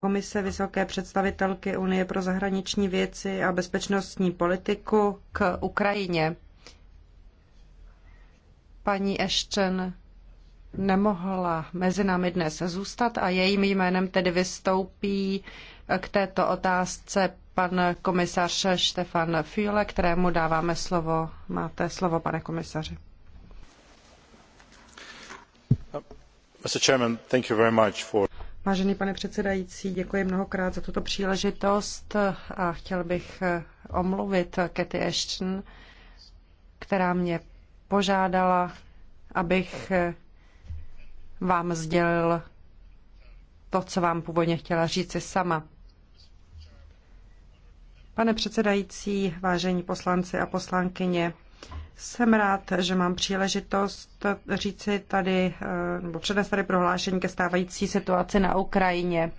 Komise Vysoké představitelky Unie pro zahraniční věci a bezpečnostní politiku k Ukrajině. Paní Ashton nemohla mezi námi dnes zůstat a jejím jménem tedy vystoupí k této otázce pan komisař Štefan Füle, kterému dáváme slovo. Máte slovo, pane komisaři. Mr. Chairman, thank you very much for Vážený pane předsedající, děkuji mnohokrát za tuto příležitost a chtěl bych eh, omluvit Katy Ashton, která mě požádala, abych eh, vám sdělil to, co vám původně chtěla říci sama. Pane předsedající, vážení poslanci a poslankyně, jsem rád, že mám příležitost říci tady, eh, nebo přednes tady prohlášení ke stávající situaci na Ukrajině.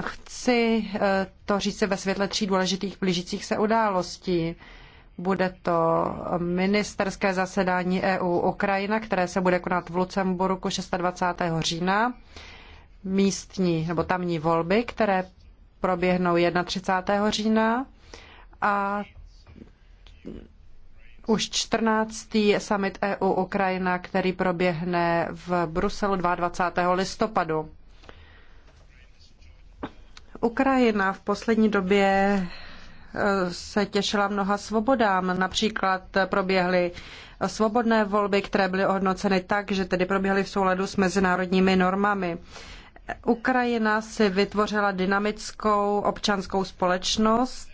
Chci eh, to říci ve světle tří důležitých blížících se událostí. Bude to ministerské zasedání EU Ukrajina, které se bude konat v Lucemburku 26. října, místní nebo tamní volby, které proběhnou 31. října a už 14. summit EU Ukrajina, který proběhne v Bruselu 22. listopadu. Ukrajina v poslední době eh, se těšila mnoha svobodám. Například proběhly svobodné volby, které byly ohodnoceny tak, že tedy proběhly v souladu s mezinárodními normami. Ukrajina si vytvořila dynamickou občanskou společnost,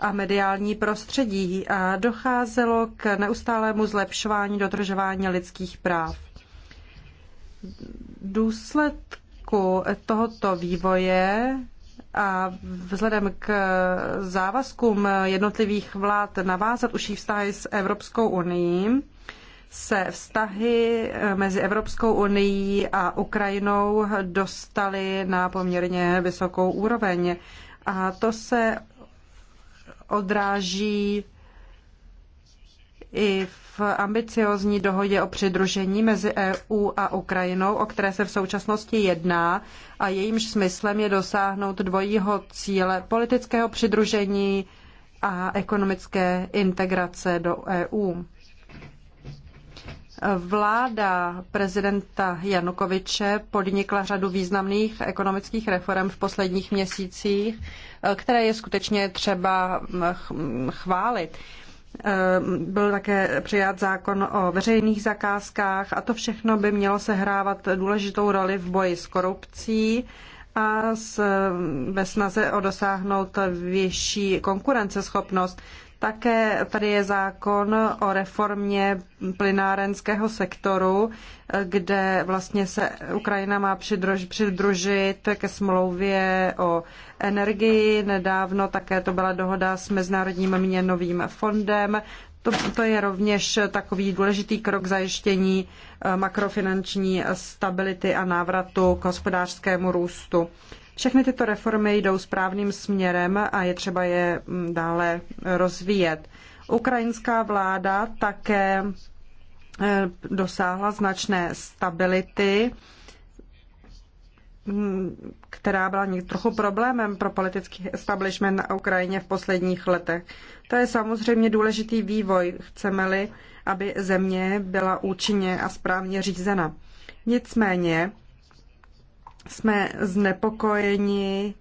a mediální prostředí a docházelo k neustálému zlepšování dodržování lidských práv. Důsledku tohoto vývoje a vzhledem k závazkům jednotlivých vlád navázat uší vztahy s Evropskou unii, se vztahy mezi Evropskou unii a Ukrajinou dostaly na poměrně vysokou úroveň. A to se odráží i v ambiciozní dohodě o přidružení mezi EU a Ukrajinou, o které se v současnosti jedná a jejímž smyslem je dosáhnout dvojího cíle politického přidružení a ekonomické integrace do EU. Vláda prezidenta Janukoviče podnikla řadu významných ekonomických reform v posledních měsících, eh, které je skutečně třeba hm, hm, chválit. Eh, byl také přijat zákon o veřejných zakázkách a to všechno by mělo sehrávat důležitou roli v boji s korupcí a s, hm, ve snaze o dosáhnout větší konkurenceschopnost. Také tady je zákon o reformě plynárenského sektoru, kde vlastně se Ukrajina má přidruž, přidružit ke smlouvě o energii. Nedávno také to byla dohoda s Mezinárodním měnovým fondem. To, to je rovněž takový důležitý krok zajištění eh, makrofinanční stability a návratu k hospodářskému růstu. Všechny tyto reformy jdou správným směrem a je třeba je mm, dále rozvíjet. Ukrajinská vláda také eh, dosáhla značné stability, mm, která byla trochu problémem pro politický establishment na Ukrajině v posledních letech. To je samozřejmě důležitý vývoj, chceme-li, aby země byla účinně a správně řízena. Nicméně jsme znepokojeni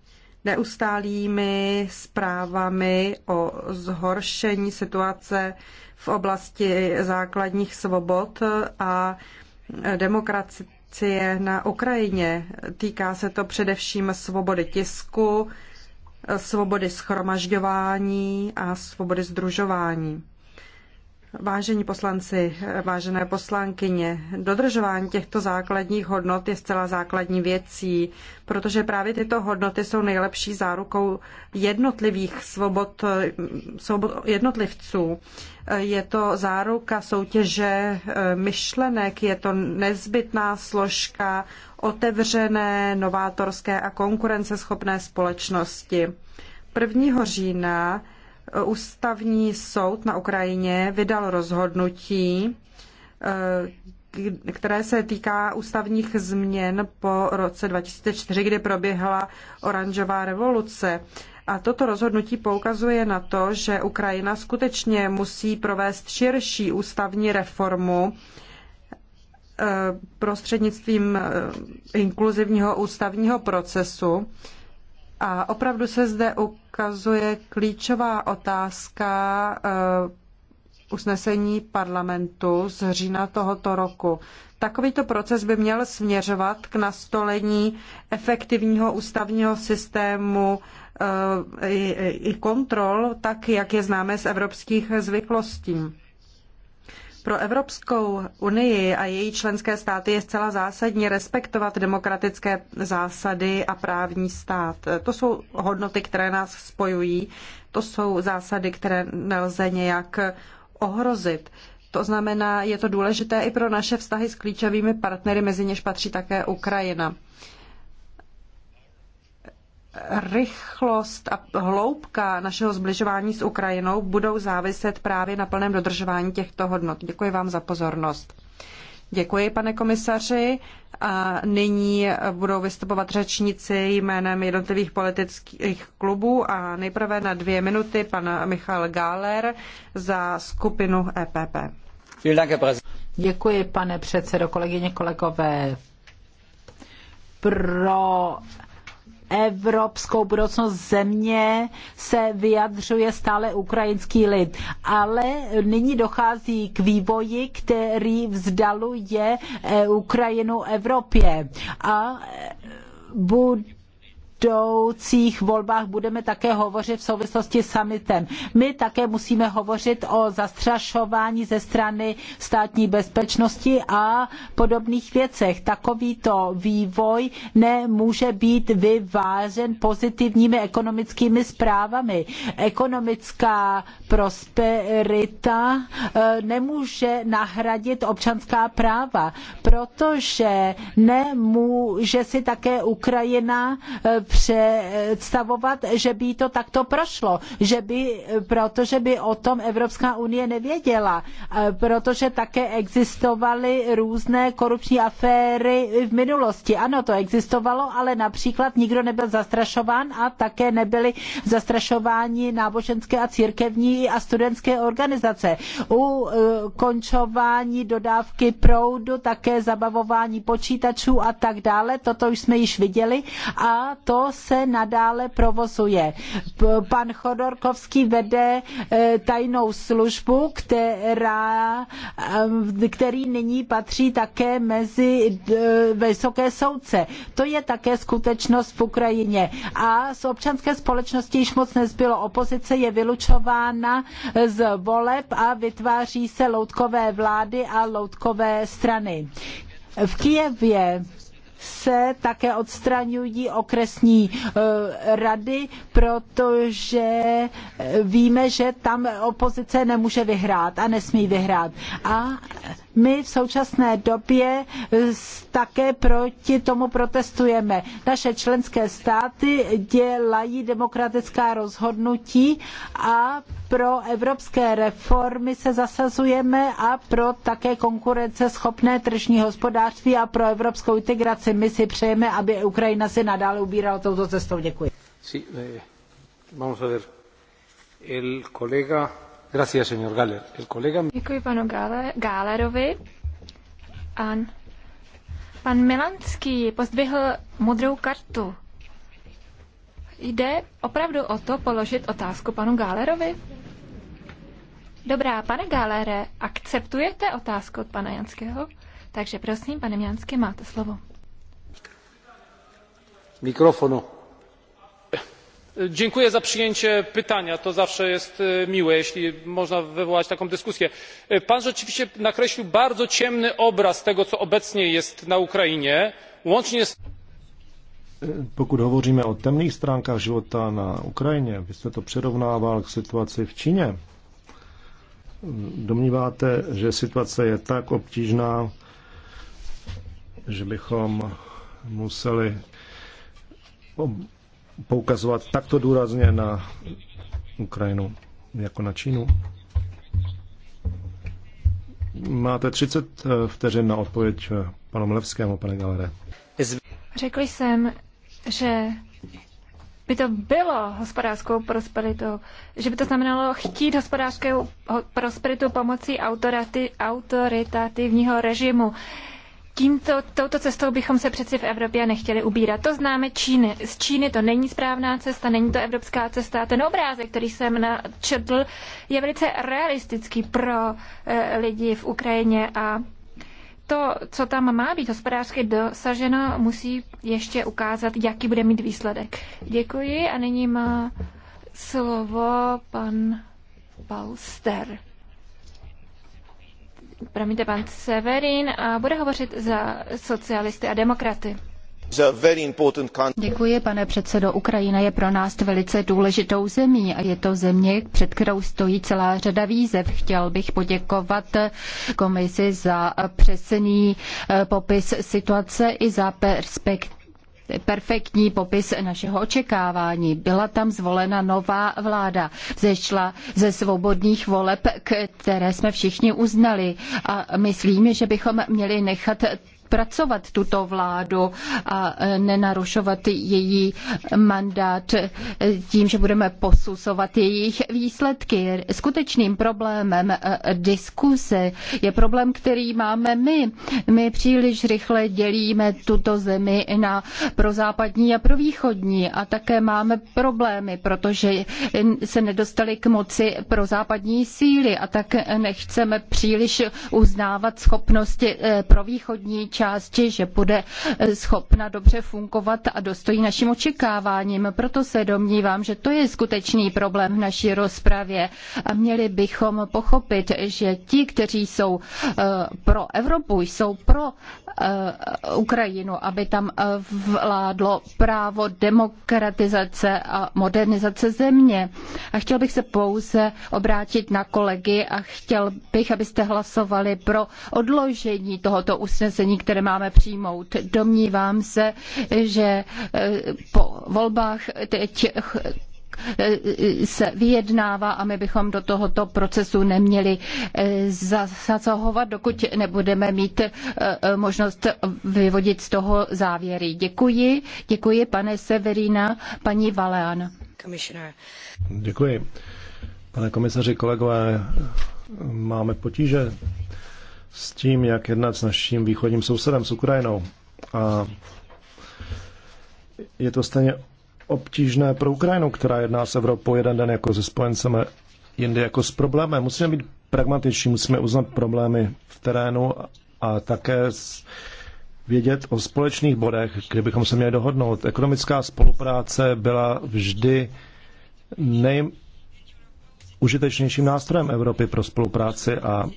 neustálými zprávami o zhoršení situace v oblasti základních svobod a demokracie na Ukrajině. Týká se to především svobody tisku, svobody schromažďování a svobody združování. Vážení poslanci, vážené poslankyně, dodržování těchto základních hodnot je zcela základní věcí, protože právě tyto hodnoty jsou nejlepší zárukou jednotlivých svobod, svobod jednotlivců. Je to záruka soutěže eh, myšlenek, je to nezbytná složka otevřené, novátorské a konkurenceschopné společnosti. 1. října Ústavní soud na Ukrajině vydal rozhodnutí, eh, které se týká ústavních změn po roce 2004, kdy proběhla oranžová revoluce. A toto rozhodnutí poukazuje na to, že Ukrajina skutečně musí provést širší ústavní reformu eh, prostřednictvím eh, inkluzivního ústavního procesu. A opravdu se zde ukazuje, ukazuje klíčová otázka eh, usnesení parlamentu z října tohoto roku. Takovýto proces by měl směřovat k nastolení efektivního ústavního systému eh, i kontrol, tak jak je známe z evropských zvyklostí. Pro Evropskou unii a její členské státy je zcela zásadní respektovat demokratické zásady a právní stát. To jsou hodnoty, které nás spojují, to jsou zásady, které nelze nějak ohrozit. To znamená, je to důležité i pro naše vztahy s klíčovými partnery, mezi něž patří také Ukrajina rychlost a hloubka našeho zbližování s Ukrajinou budou záviset právě na plném dodržování těchto hodnot. Děkuji vám za pozornost. Děkuji, pane komisaři. A nyní budou vystupovat řečníci jménem jednotlivých politických klubů a nejprve na dvě minuty pan Michal Gáler za skupinu EPP. Děkuji, pane předsedo, kolegyně, kolegové. Pro evropskou budoucnost země se vyjadřuje stále ukrajinský lid. Ale nyní dochází k vývoji, který vzdaluje eh, Ukrajinu Evropě. A eh, bude budoucích volbách budeme také hovořit v souvislosti s summitem. My také musíme hovořit o zastrašování ze strany státní bezpečnosti a podobných věcech. Takovýto vývoj nemůže být vyvážen pozitivními ekonomickými zprávami. Ekonomická prosperita eh, nemůže nahradit občanská práva, protože nemůže si také Ukrajina eh, představovat, že by to takto prošlo, že by, protože by o tom Evropská unie nevěděla, e, protože také existovaly různé korupční aféry v minulosti. Ano, to existovalo, ale například nikdo nebyl zastrašován a také nebyli zastrašováni náboženské a církevní a studentské organizace. U e, končování dodávky proudu, také zabavování počítačů a tak dále, toto už jsme již viděli a to se nadále provozuje. Pan Chodorkovský vede e, tajnou službu, která, e, který nyní patří také mezi vysoké soudce. To je také skutečnost v Ukrajině. A z občanské společnosti již moc nezbylo. Opozice je vylučována z voleb a vytváří se loutkové vlády a loutkové strany. V Kijevě se také odstraňují okresní e, rady, protože e, víme, že tam opozice nemůže vyhrát a nesmí vyhrát. A my v současné době eh, také proti tomu protestujeme. Naše členské státy dělají demokratická rozhodnutí a pro evropské reformy se zasazujeme a pro také konkurenceschopné tržní hospodářství a pro evropskou integraci. My si přejeme, aby Ukrajina si nadále ubírala touto cestou. Děkuji. Sí, eh, vamos a ver. El kolega... Děkuji panu Gálerovi. pan Milanský pozdvihl modrou kartu. Jde opravdu o to položit otázku panu Gálerovi? Dobrá, pane Gálere, akceptujete otázku od pana Janského? Takže prosím, pane Jansky, máte slovo. Mikrofonu dziękuję za przyjęcie pytania to zawsze jest miłe jeśli można wywołać taką dyskusję. pan rzeczywiście nakreślił bardzo ciemny obraz tego co obecnie jest na ukrainie łącznie z pokud hovoříme o temných stránkách života na Ukrajině, vy jste to přirovnával k situaci v Číně. Domníváte, že situace je tak obtížná, že bychom museli poukazovat takto důrazně na Ukrajinu jako na Čínu? Máte 30 eh, vteřin na odpověď eh, panu Mlevskému, pane Galere. Řekl jsem, že by to bylo hospodářskou prosperitou, že by to znamenalo chtít hospodářskou prosperitu pomocí autoritativního režimu tímto, touto cestou bychom se přeci v Evropě nechtěli ubírat. To známe Číny. Z Číny to není správná cesta, není to evropská cesta. Ten obrázek, který jsem načetl, je velice realistický pro e, lidi v Ukrajině a to, co tam má být hospodářsky dosaženo, musí ještě ukázat, jaký bude mít výsledek. Děkuji a nyní má slovo pan Balster promiňte, pan Severin a bude hovořit za socialisty a demokraty. Děkuji, pane předsedo. Ukrajina je pro nás velice důležitou zemí a je to země, před kterou stojí celá řada výzev. Chtěl bych poděkovat komisi za přesný eh, popis situace i za perspektivu perfektní popis našeho očekávání. Byla tam zvolena nová vláda, zešla ze svobodných voleb, které jsme všichni uznali a myslím, že bychom měli nechat pracovat tuto vládu a nenarušovat její mandát tím, že budeme posuzovat jejich výsledky. Skutečným problémem eh, diskuse je problém, který máme my. My příliš rychle dělíme tuto zemi na prozápadní a provýchodní a také máme problémy, protože se nedostali k moci prozápadní síly a tak nechceme příliš uznávat schopnosti eh, provýchodní části, že bude eh, schopna dobře fungovat a dostojí našim očekáváním. Proto se domnívám, že to je skutečný problém v naší rozpravě a měli bychom pochopit, že ti, kteří jsou eh, pro Evropu, jsou pro eh, Ukrajinu, aby tam vládlo právo demokratizace a modernizace země. A chtěl bych se pouze obrátit na kolegy a chtěl bych, abyste hlasovali pro odložení tohoto usnesení, které které máme přijmout. Domnívám se, že eh, po volbách teď eh, se vyjednává a my bychom do tohoto procesu neměli eh, zasahovat, dokud nebudeme mít možnost vyvodit z toho závěry. Děkuji, děkuji pane Severina, paní Valean. Děkuji. Pane komisaři, kolegové, máme potíže s tím, jak jednat s naším východním sousedem, s Ukrajinou. A je to stejně obtížné pro Ukrajinu, která jedná s Evropou jeden den jako se spojencem, jindy jako s problémem. Musíme být pragmatičtí, musíme uznat problémy v terénu a také vědět o společných bodech, kde bychom se měli dohodnout. Ekonomická spolupráce byla vždy nejúžitečnějším nástrojem Evropy pro spolupráci a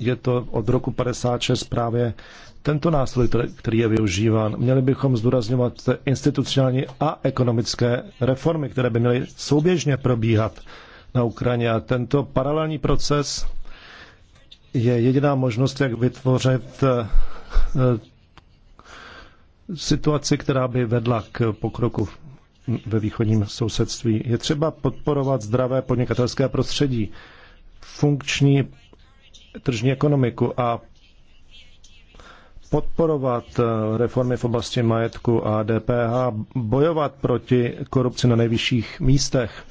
je to od roku 56 právě tento nástroj, který je využíván. Měli bychom zdůrazňovat institucionální a ekonomické reformy, které by měly souběžně probíhat na Ukrajině. A tento paralelní proces je jediná možnost, jak vytvořit eh, situaci, která by vedla k pokroku ve východním sousedství. Je třeba podporovat zdravé podnikatelské prostředí, funkční tržní ekonomiku a podporovat eh, reformy v oblasti majetku a DPH, bojovat proti korupci na nejvyšších místech.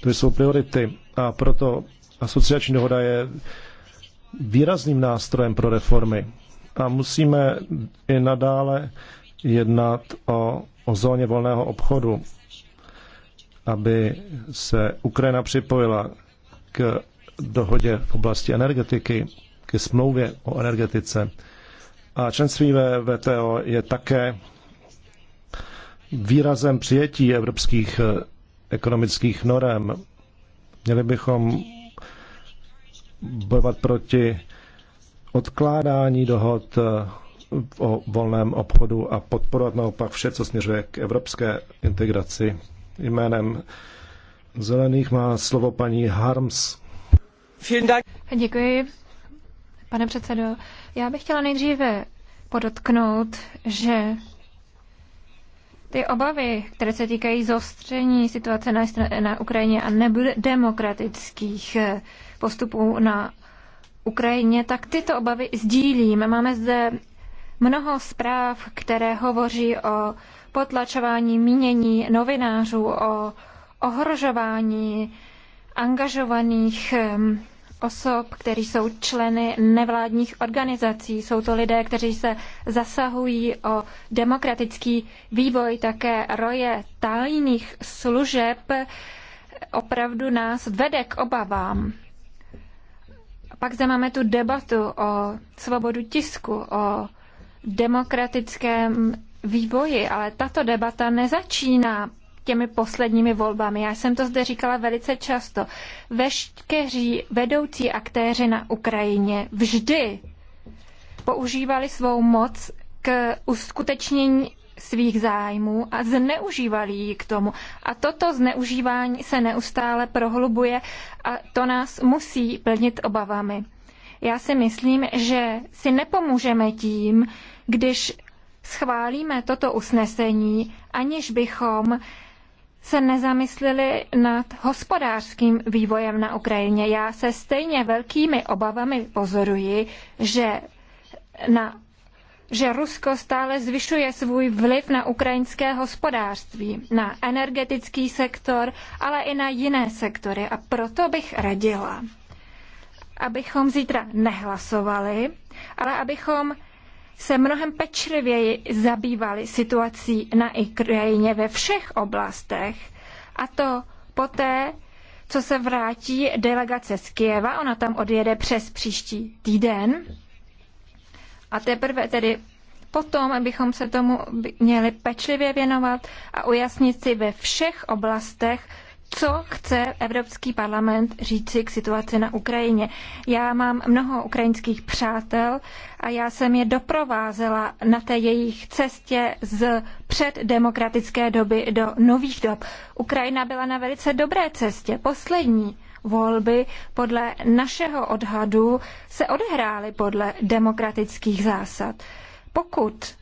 To jsou priority a proto asociační dohoda je výrazným nástrojem pro reformy. A musíme i nadále jednat o, o zóně volného obchodu, aby se Ukrajina připojila k dohodě v oblasti energetiky, ke smlouvě o energetice. A členství ve VTO je také výrazem přijetí evropských eh, ekonomických norem. Měli bychom bojovat proti odkládání dohod eh, o volném obchodu a podporovat naopak vše, co směřuje k evropské integraci. Jménem Zelených má slovo paní Harms. Děkuji, pane předsedo. Já bych chtěla nejdříve podotknout, že ty obavy, které se týkají zostření situace na, na Ukrajině a demokratických eh, postupů na Ukrajině, tak tyto obavy sdílím. Máme zde mnoho zpráv, které hovoří o potlačování mínění novinářů, o ohrožování angažovaných osob, kteří jsou členy nevládních organizací. Jsou to lidé, kteří se zasahují o demokratický vývoj, také roje tajných služeb opravdu nás vede k obavám. Pak zde máme tu debatu o svobodu tisku, o demokratickém vývoji, ale tato debata nezačíná těmi posledními volbami. Já jsem to zde říkala velice často. Veškeří vedoucí aktéři na Ukrajině vždy používali svou moc k uskutečnění svých zájmů a zneužívali ji k tomu. A toto zneužívání se neustále prohlubuje a to nás musí plnit obavami. Já si myslím, že si nepomůžeme tím, když schválíme toto usnesení, aniž bychom se nezamysleli nad hospodářským vývojem na Ukrajině. Já se stejně velkými obavami pozoruji, že na že Rusko stále zvyšuje svůj vliv na ukrajinské hospodářství, na energetický sektor, ale i na jiné sektory. A proto bych radila, abychom zítra nehlasovali, ale abychom se mnohem pečlivěji zabývali situací na Ukrajině ve všech oblastech. A to poté, co se vrátí delegace z Kyjeva, ona tam odjede přes příští týden. A teprve tedy potom abychom se tomu měli pečlivě věnovat a ujasnit si ve všech oblastech, co chce Evropský parlament říci k situaci na Ukrajině. Já mám mnoho ukrajinských přátel a já jsem je doprovázela na té jejich cestě z předdemokratické doby do nových dob. Ukrajina byla na velice dobré cestě. Poslední volby podle našeho odhadu se odehrály podle demokratických zásad. Pokud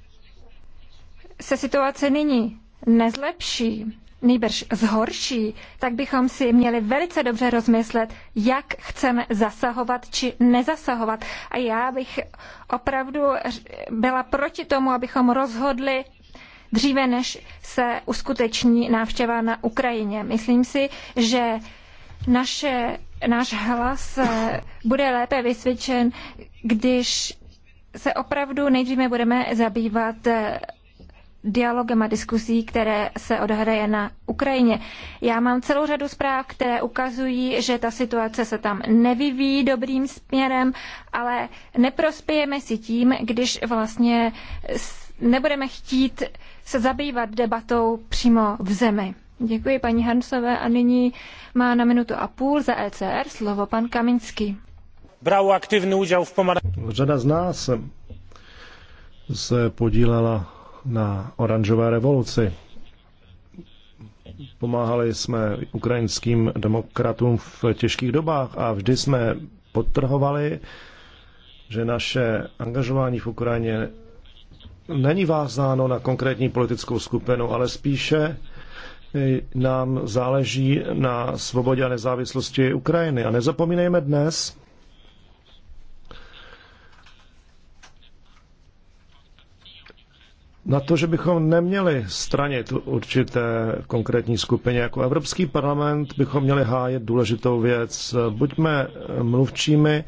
se situace nyní nezlepší, nejbrž zhorší, tak bychom si měli velice dobře rozmyslet, jak chceme zasahovat či nezasahovat. A já bych opravdu byla proti tomu, abychom rozhodli dříve, než se uskuteční návštěva na Ukrajině. Myslím si, že naše, náš hlas eh, bude lépe vysvědčen, když se opravdu nejdříve budeme zabývat eh, dialogem a diskuzí, které se odhraje na Ukrajině. Já mám celou řadu zpráv, které ukazují, že ta situace se tam nevyvíjí dobrým směrem, ale neprospějeme si tím, když vlastně nebudeme chtít se zabývat debatou přímo v zemi. Děkuji paní Hansové a nyní má na minutu a půl za ECR slovo pan Kaminský. Bralo aktivní úděl v pomarančové. Řada z nás se podílela na oranžové revoluci. Pomáhali jsme ukrajinským demokratům v těžkých dobách a vždy jsme podtrhovali, že naše angažování v Ukrajině není vázáno na konkrétní politickou skupinu, ale spíše nám záleží na svobodě a nezávislosti Ukrajiny. A nezapomínejme dnes, na to, že bychom neměli stranit určité konkrétní skupiny, Jako Evropský parlament bychom měli hájet důležitou věc. Buďme mluvčími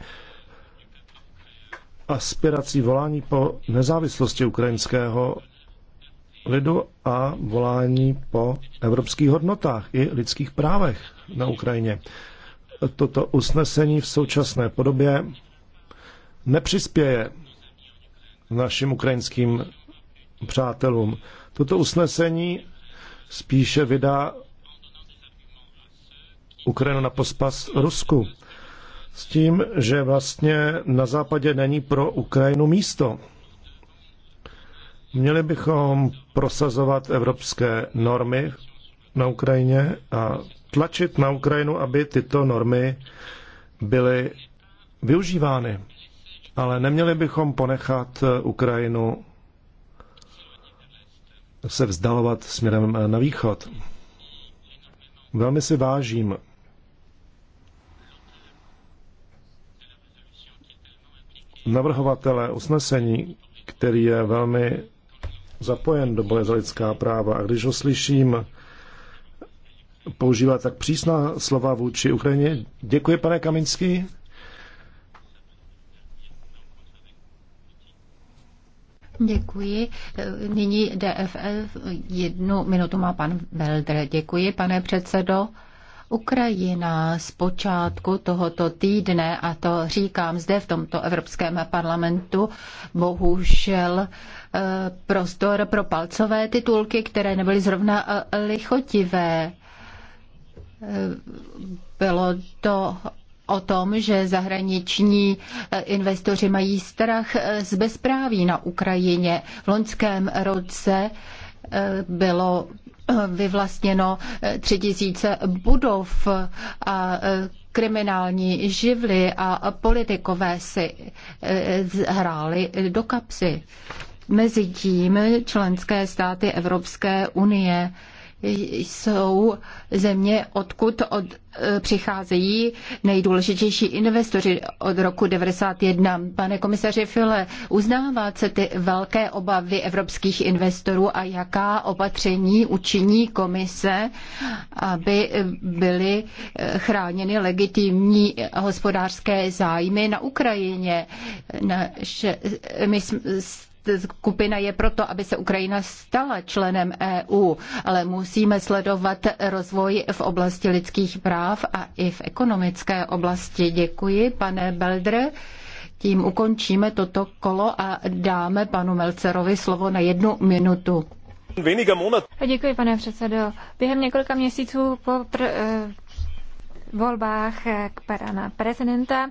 aspirací volání po nezávislosti ukrajinského lidu a volání po evropských hodnotách i lidských právech na Ukrajině. Toto usnesení v současné podobě nepřispěje našim ukrajinským přátelům. Toto usnesení spíše vydá Ukrajinu na pospas Rusku. S tím, že vlastně na západě není pro Ukrajinu místo. Měli bychom prosazovat evropské normy na Ukrajině a tlačit na Ukrajinu, aby tyto normy byly využívány. Ale neměli bychom ponechat Ukrajinu se vzdalovat směrem na východ. Velmi si vážím navrhovatele usnesení, který je velmi zapojen do boje za lidská práva. A když ho slyším používat tak přísná slova vůči Ukrajině, děkuji, pane Kaminský. Děkuji. Nyní DFL. Jednu minutu má pan Belder. Děkuji, pane předsedo. Ukrajina z počátku tohoto týdne, a to říkám zde v tomto Evropském parlamentu, bohužel eh, prostor pro palcové titulky, které nebyly zrovna eh, lichotivé. Eh, bylo to o tom, že zahraniční eh, investoři mají strach eh, z bezpráví na Ukrajině. V loňském roce eh, bylo vyvlastněno 3000 budov a kriminální živly a politikové si hráli do kapsy. Mezitím členské státy Evropské unie jsou země, odkud od, e, přicházejí nejdůležitější investoři od roku 1991. Pane komisaři File, uznáváte se ty velké obavy evropských investorů a jaká opatření učiní komise, aby byly e, chráněny legitimní hospodářské zájmy na Ukrajině. že, my jsme skupina je proto, aby se Ukrajina stala členem EU, ale musíme sledovat rozvoj v oblasti lidských práv a i v ekonomické oblasti. Děkuji, pane Beldre. Tím ukončíme toto kolo a dáme panu Melcerovi slovo na jednu minutu. Děkuji, pane předsedo. Během několika měsíců po pr- eh, volbách eh, k pana prezidenta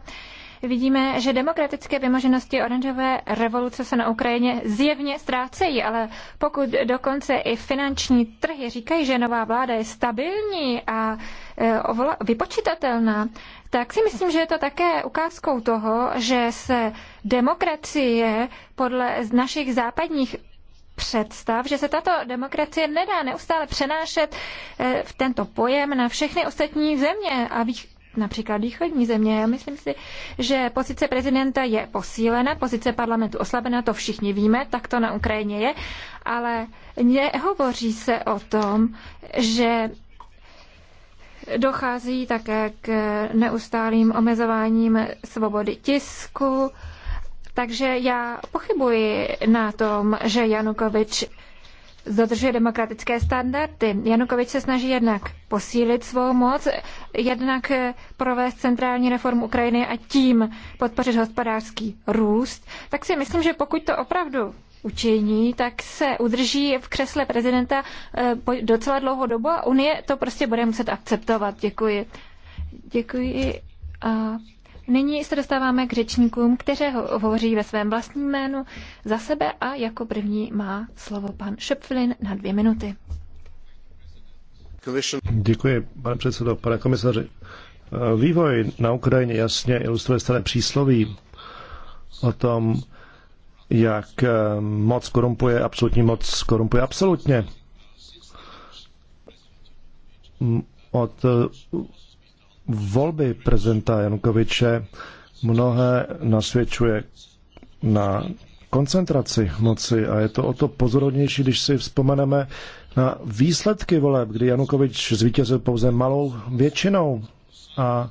vidíme, že demokratické vymoženosti oranžové revoluce se na Ukrajině zjevně ztrácejí, ale pokud dokonce i finanční trhy říkají, že nová vláda je stabilní a e, vypočitatelná, tak si myslím, že je to také ukázkou toho, že se demokracie podle našich západních představ, že se tato demokracie nedá neustále přenášet e, v tento pojem na všechny ostatní země a například východní země. Já myslím si, že pozice prezidenta je posílena, pozice parlamentu oslabena, to všichni víme, tak to na Ukrajině je, ale nehovoří se o tom, že dochází také k neustálým omezováním svobody tisku, takže já pochybuji na tom, že Janukovič dodržuje demokratické standardy. Janukovič se snaží jednak posílit svou moc, jednak eh, provést centrální reformu Ukrajiny a tím podpořit hospodářský růst, tak si myslím, že pokud to opravdu učiní, tak se udrží v křesle prezidenta eh, docela dlouhou dobu a Unie to prostě bude muset akceptovat. Děkuji. Děkuji a Nyní se dostáváme k řečníkům, kteří hovoří ve svém vlastním jménu za sebe a jako první má slovo pan Šepflin na dvě minuty. Děkuji, pane předsedo, pane komisaři. Vývoj na Ukrajině jasně ilustruje staré přísloví o tom, jak eh, moc korumpuje, absolutní moc korumpuje absolutně. Od volby prezidenta Janukoviče mnohé nasvědčuje na koncentraci moci a je to o to pozorodnější, když si vzpomeneme na výsledky voleb, kdy Janukovič zvítězil pouze malou většinou a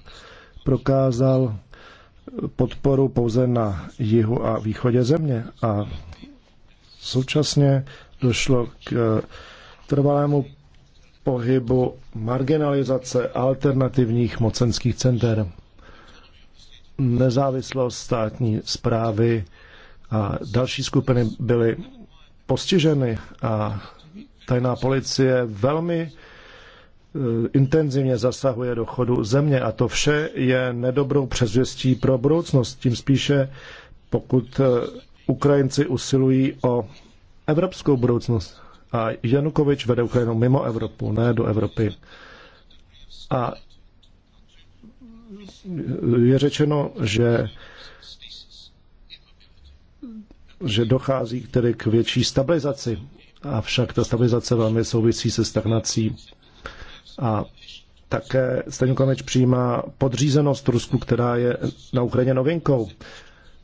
prokázal podporu pouze na jihu a východě země a současně došlo k eh, trvalému pohybu, marginalizace alternativních mocenských center, nezávislost státní zprávy a další skupiny byly postiženy a tajná policie velmi eh, intenzivně zasahuje do chodu země a to vše je nedobrou přezvěstí pro budoucnost, tím spíše pokud eh, Ukrajinci usilují o evropskou budoucnost. A Janukovič vede Ukrajinu mimo Evropu, ne do Evropy. A je řečeno, že že dochází tedy k větší stabilizaci. Avšak ta stabilizace velmi souvisí se stagnací a také Staňukovič přijímá podřízenost Rusku, která je na Ukrajině novinkou.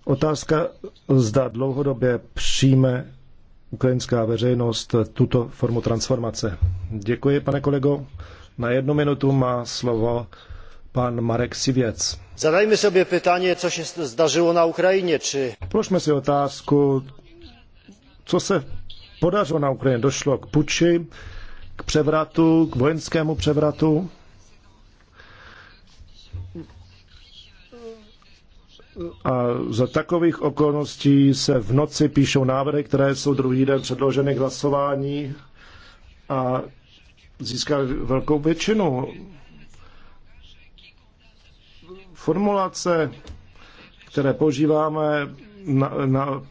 Otázka, zda dlouhodobě přijme ukrajinská veřejnost tuto formu transformace. Děkuji, pane kolego. Na jednu minutu má slovo pan Marek Sivěc. Zadajme sobě pytanie, co se zdařilo na Ukrajině, či... Prošme si otázku, co se podařilo na Ukrajině. Došlo k puči, k převratu, k vojenskému převratu. a za takových okolností se v noci píšou návrhy, které jsou druhý den předloženy k hlasování a získali velkou většinu. Formulace, které používáme na, na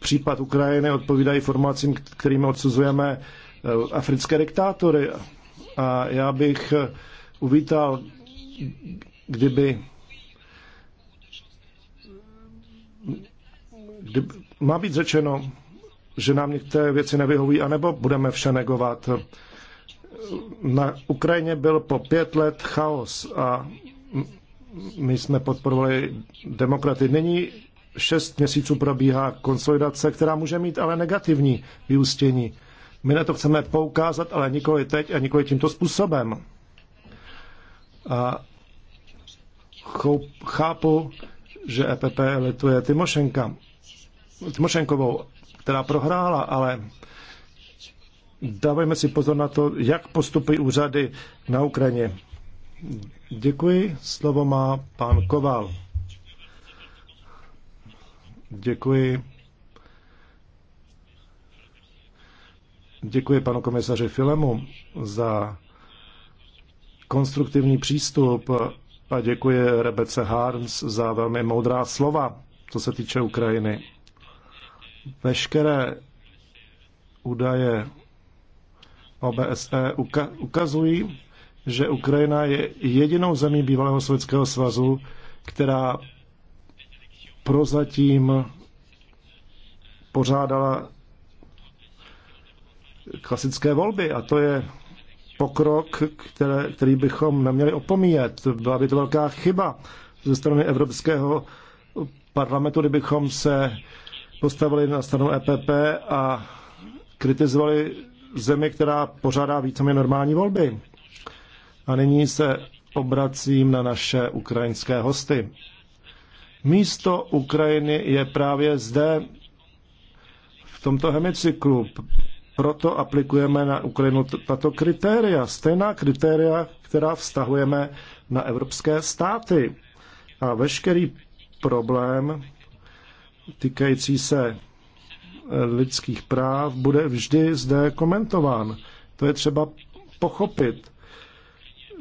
případ Ukrajiny, odpovídají formulacím, kterými odsuzujeme eh, africké diktátory. A já bych uvítal, kdyby kdy má být řečeno, že nám některé věci nevyhoví, anebo budeme vše negovat. Na Ukrajině byl po pět let chaos a my jsme podporovali demokraty. Nyní šest měsíců probíhá konsolidace, která může mít ale negativní vyústění. My na to chceme poukázat, ale nikoli teď a nikoli tímto způsobem. A chápu, že EPP letuje Tymošenka. Tmošenkovou, která prohrála, ale dávejme si pozor na to, jak postupují úřady na Ukrajině. Děkuji. Slovo má pan Koval. Děkuji. Děkuji panu komisaři Filemu za konstruktivní přístup a děkuji Rebece Harms za velmi moudrá slova, co se týče Ukrajiny. Veškeré údaje OBSE ukazují, že Ukrajina je jedinou zemí bývalého Sovětského svazu, která prozatím pořádala klasické volby a to je pokrok, které, který bychom neměli opomíjet. Byla by to velká chyba ze strany Evropského parlamentu, kdybychom se postavili na stranu EPP a kritizovali zemi, která pořádá víceméně normální volby. A nyní se obracím na naše ukrajinské hosty. Místo Ukrajiny je právě zde, v tomto hemicyklu. Proto aplikujeme na Ukrajinu tato kritéria, stejná kritéria, která vztahujeme na evropské státy. A veškerý problém týkající se eh, lidských práv bude vždy zde komentován. To je třeba pochopit.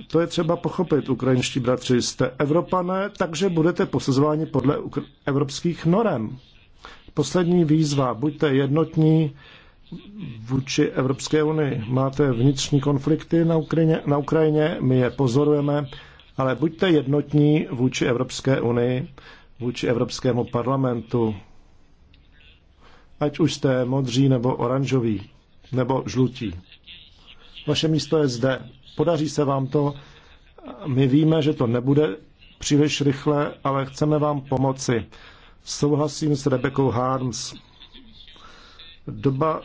To je třeba pochopit, ukrajinští bratři. Jste Evropané, takže budete posazováni podle evropských norem. Poslední výzva. Buďte jednotní vůči Evropské unii. Máte vnitřní konflikty na Ukrajině, na Ukrajině my je pozorujeme, ale buďte jednotní vůči Evropské unii vůči Evropskému parlamentu, ať už jste modří nebo oranžoví nebo žlutí. Vaše místo je zde. Podaří se vám to. My víme, že to nebude příliš rychle, ale chceme vám pomoci. Souhlasím s Rebekou Harms. Doba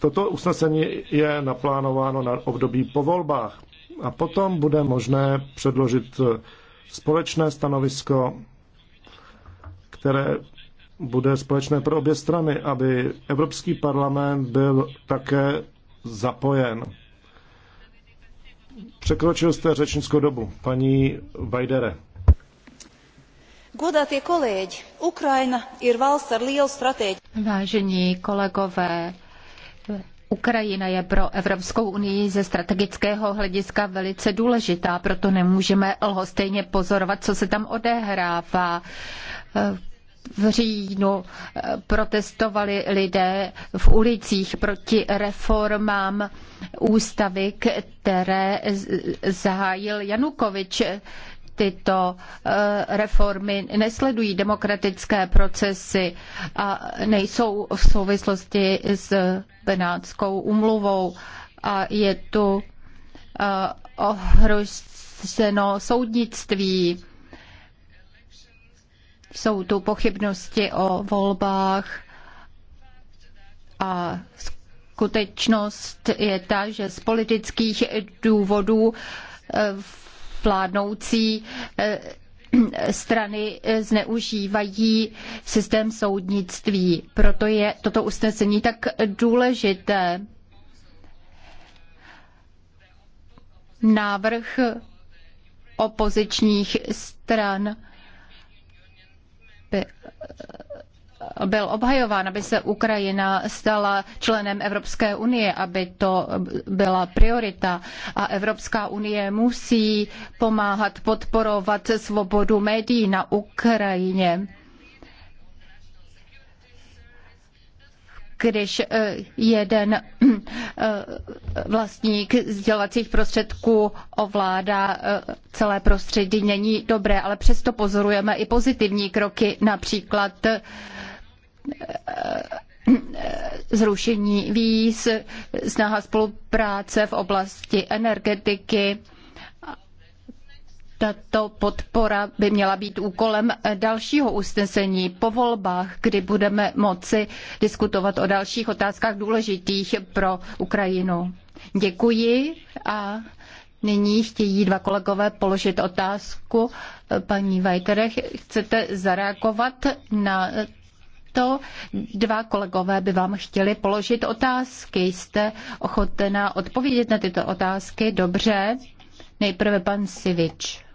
Toto usnesení je naplánováno na období po volbách a potom bude možné předložit společné stanovisko, které bude společné pro obě strany, aby Evropský parlament byl také zapojen. Překročil jste řečnickou dobu. Paní Bajdere. Godatie kolegy, Ukrajina ir valsts ar Vážení kolegové, Ukrajina je pro Evropskou unii ze strategického hlediska velice důležitá, proto nemůžeme lhostejně pozorovat, co se tam odehrává. V říjnu protestovali lidé v ulicích proti reformám ústavy, které zahájil Janukovič tyto eh, reformy nesledují demokratické procesy a nejsou v souvislosti s Benátskou umluvou a je tu eh, ohroženo soudnictví. Jsou tu pochybnosti o volbách a skutečnost je ta, že z politických důvodů v eh, vládnoucí eh, strany eh, zneužívají systém soudnictví. Proto je toto usnesení tak důležité. Návrh opozičních stran by byl obhajován, aby se Ukrajina stala členem Evropské unie, aby to byla priorita. A Evropská unie musí pomáhat podporovat svobodu médií na Ukrajině. když eh, jeden eh, vlastník sdělovacích prostředků ovládá eh, celé prostředí, není dobré, ale přesto pozorujeme i pozitivní kroky, například zrušení víz, snaha spolupráce v oblasti energetiky. Tato podpora by měla být úkolem dalšího usnesení po volbách, kdy budeme moci diskutovat o dalších otázkách důležitých pro Ukrajinu. Děkuji a nyní chtějí dva kolegové položit otázku. Paní Vajterech, chcete zareagovat na to dva kolegové by vám chtěli položit otázky. Jste ochotná odpovědět na tyto otázky? Dobře. Nejprve pan Sivič.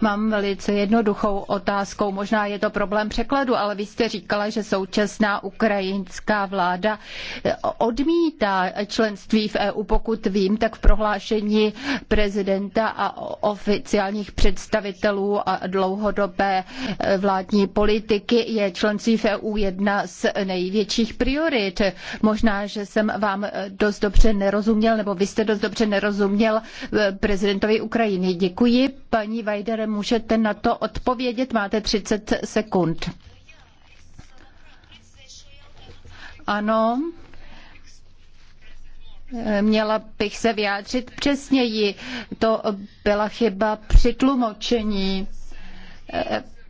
Mám velice jednoduchou otázku. Možná je to problém překladu, ale vy jste říkala, že současná ukrajinská vláda eh, odmítá členství v EU. Pokud vím, tak v prohlášení prezidenta a oficiálních představitelů a dlouhodobé eh, vládní politiky je členství v EU jedna z největších priorit. Možná, že jsem vám eh, dost dobře nerozuměl, nebo vy jste dost dobře nerozuměl prezidentovi rozvoji Ukrajiny. Děkuji. Paní Vajdere, můžete na to odpovědět? Máte 30 sekund. Ano. Měla bych se vyjádřit přesněji. To byla chyba při tlumočení.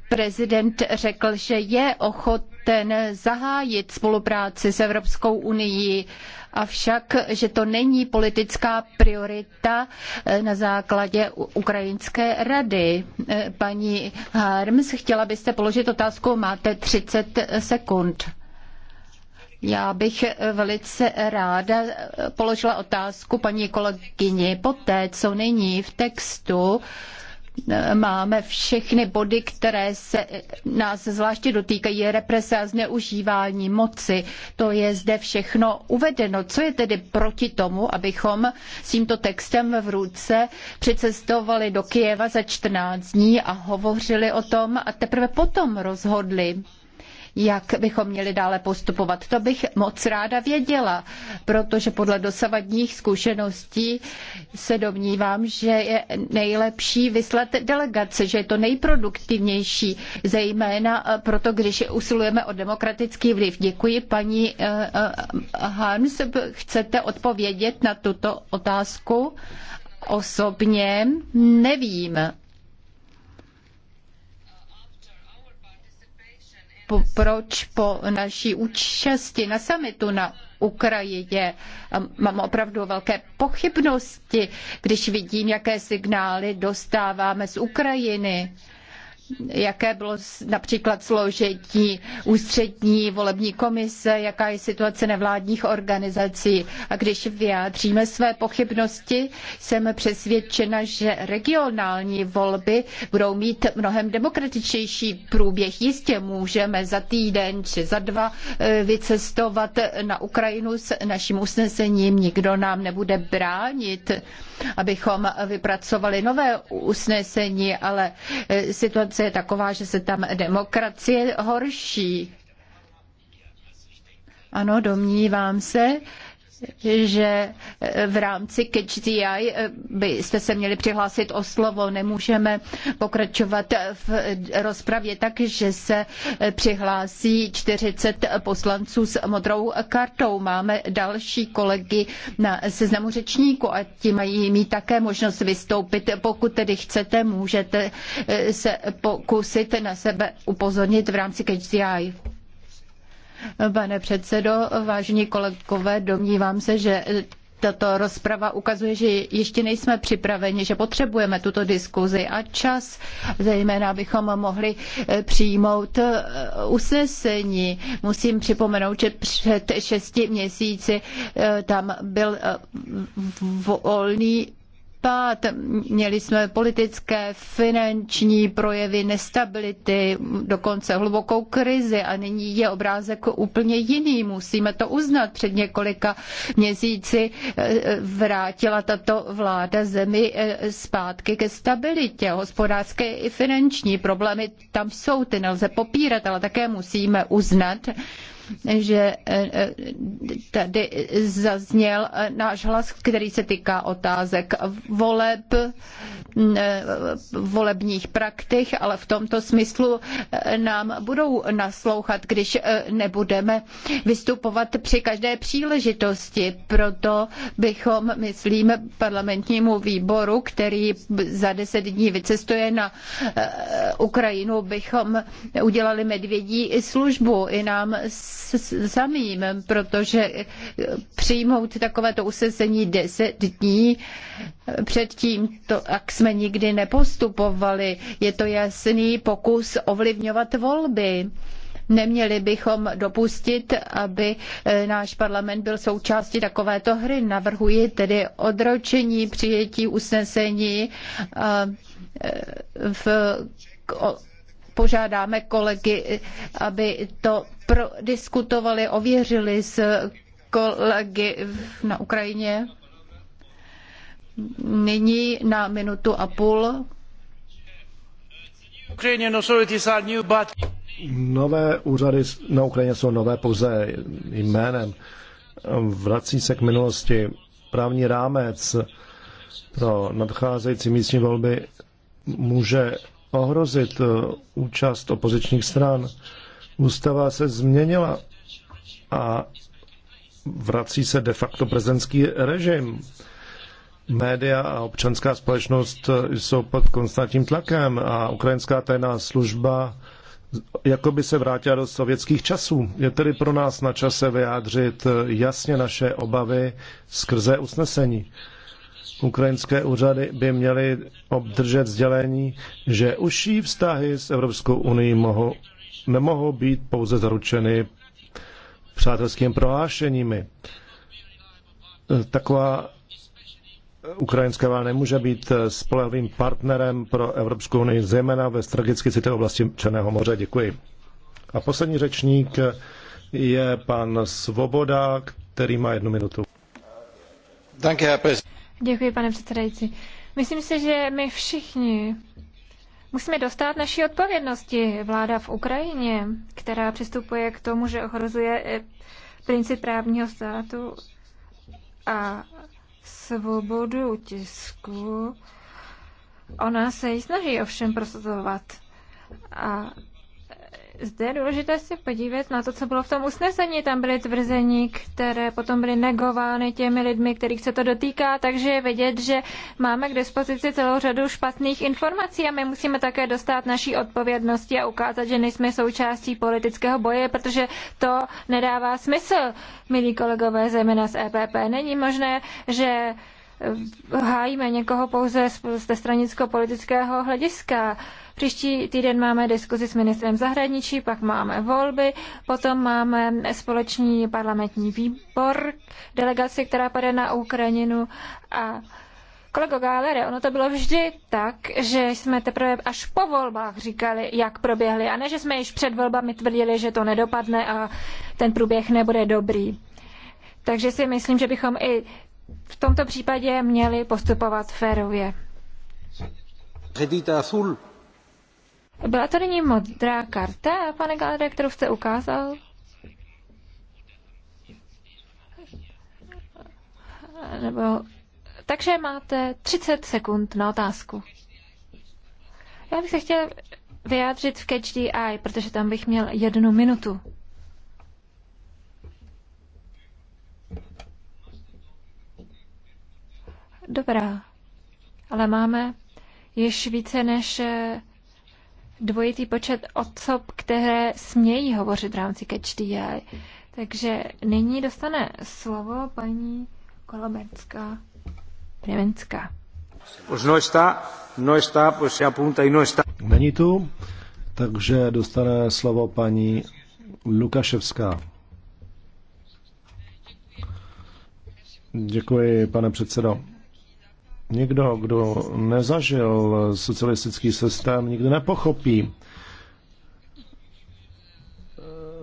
Prezident řekl, že je ochoten zahájit spolupráci s Evropskou unii avšak, že to není politická priorita eh, na základě Ukrajinské rady. Eh, paní Harms, chtěla byste položit otázku, máte 30 sekund. Já bych eh, velice ráda položila otázku paní kolegyni. Poté, co není v textu, máme všechny body, které se eh, nás zvláště dotýkají represe a zneužívání moci. To je zde všechno uvedeno. Co je tedy proti tomu, abychom s tímto textem v ruce přicestovali do Kyjeva za 14 dní a hovořili o tom a teprve potom rozhodli? jak bychom měli dále postupovat. To bych moc ráda věděla, protože podle dosavadních zkušeností se domnívám, že je nejlepší vyslat delegace, že je to nejproduktivnější, zejména eh, proto, když usilujeme o demokratický vliv. Děkuji, paní eh, eh, Hans. Chcete odpovědět na tuto otázku? Osobně nevím. proč po naší účasti na samitu na Ukrajině. Um, mám opravdu velké pochybnosti, když vidím, jaké signály dostáváme z Ukrajiny jaké bylo například složení ústřední volební komise, jaká je situace nevládních organizací. A když vyjádříme své pochybnosti, jsem přesvědčena, že regionální volby budou mít mnohem demokratičtější průběh. Jistě můžeme za týden či za dva e, vycestovat na Ukrajinu s naším usnesením. Nikdo nám nebude bránit, abychom vypracovali nové usnesení, ale e, situace situace je taková, že se tam demokracie horší. Ano, domnívám se, že eh, v rámci KGTI eh, byste se měli přihlásit o slovo. Nemůžeme pokračovat v rozpravě tak, že se eh, přihlásí 40 poslanců s modrou kartou. Máme další kolegy na seznamu řečníku a ti mají mít také možnost vystoupit. Pokud tedy chcete, můžete se pokusit na sebe upozornit v rámci KGTI. Pane předsedo, vážení kolegové, domnívám se, že tato rozprava ukazuje, že ještě nejsme připraveni, že potřebujeme tuto diskuzi a čas, zejména abychom mohli eh, přijmout eh, usnesení. Musím připomenout, že před šesti měsíci eh, tam byl volný pád. Měli jsme politické, finanční projevy nestability, dokonce hlubokou krizi a nyní je obrázek úplně jiný. Musíme to uznat. Před několika měsíci eh, vrátila tato vláda zemi eh, zpátky ke stabilitě. Hospodářské i finanční problémy tam jsou, ty nelze popírat, ale také musíme uznat, že eh, eh, tady zazněl eh, náš hlas, který se týká otázek voleb, mm, volebních praktik, ale v tomto smyslu nám budou naslouchat, když nebudeme vystupovat při každé příležitosti. Proto bychom, myslím, parlamentnímu výboru, který za deset dní vycestuje na Ukrajinu, bychom udělali medvědí službu. I nám samým, protože přijmout takovéto usnesení deset dní předtím, to, jak jsme nikdy nepostupovali, je to jasný pokus ovlivňovat volby. Neměli bychom dopustit, aby eh, náš parlament byl součástí takovéto hry. Navrhuji tedy odročení přijetí usnesení eh, v požádáme kolegy, aby to prodiskutovali, ověřili s kolegy na Ukrajině. Nyní na minutu a půl. No nové úřady na Ukrajině jsou nové pouze jménem. Vrací se k minulosti právní rámec pro nadcházející místní volby může ohrozit eh, účast opozičních stran. Ústava se změnila a vrací se de facto prezidentský režim. Média a občanská společnost eh, jsou pod konstantním tlakem a ukrajinská tajná služba jako by se vrátila do sovětských časů. Je tedy pro nás na čase vyjádřit eh, jasně naše obavy skrze usnesení. Ukrajinské úřady by měly obdržet sdělení, že užší vztahy s Evropskou unii mohou, nemohou být pouze zaručeny přátelskými prohlášeními. Taková Ukrajinská vám nemůže být spolehlivým partnerem pro Evropskou unii, zejména ve strategicky cité oblasti Černého moře. Děkuji. A poslední řečník je pan Svoboda, který má jednu minutu. Danke, Herr Děkuji, pane předsedající. Myslím si, že my všichni musíme dostat naší odpovědnosti. Vláda v Ukrajině, která přistupuje k tomu, že ohrozuje eh, princip právního státu a svobodu tisku, ona se ji snaží ovšem prosazovat. A zde je důležité si podívat na to, co bylo v tom usnesení. Tam byly tvrzení, které potom byly negovány těmi lidmi, kterých se to dotýká, takže je vidět, že máme k dispozici celou řadu špatných informací a my musíme také dostat naší odpovědnosti a ukázat, že nejsme součástí politického boje, protože to nedává smysl, milí kolegové, zejména z EPP. Není možné, že hájíme někoho pouze z stranického politického hlediska Příští týden máme diskuzi s ministrem zahraničí, pak máme volby, potom máme společný parlamentní výbor, delegaci, která pade na Ukrajinu a Kolego Gálere, ono to bylo vždy tak, že jsme teprve až po volbách říkali, jak proběhly, a ne, že jsme již před volbami tvrdili, že to nedopadne a ten průběh nebude dobrý. Takže si myslím, že bychom i v tomto případě měli postupovat férově. Byla to nyní modrá karta, pane Galere, kterou jste ukázal? Nebo... Takže máte 30 sekund na otázku. Já bych se chtěl vyjádřit v Catch the Eye, protože tam bych měl jednu minutu. Dobrá, ale máme již více než dvojitý počet osob, které smějí hovořit v rámci Catch DI. Takže nyní dostane slovo paní Kolobenská. Prevenská. no está, no está, pues se apunta y no está. Není tu, takže dostane slovo paní Lukaševská. Děkuji, pane předsedo. Někdo, kdo nezažil socialistický systém, nikdy nepochopí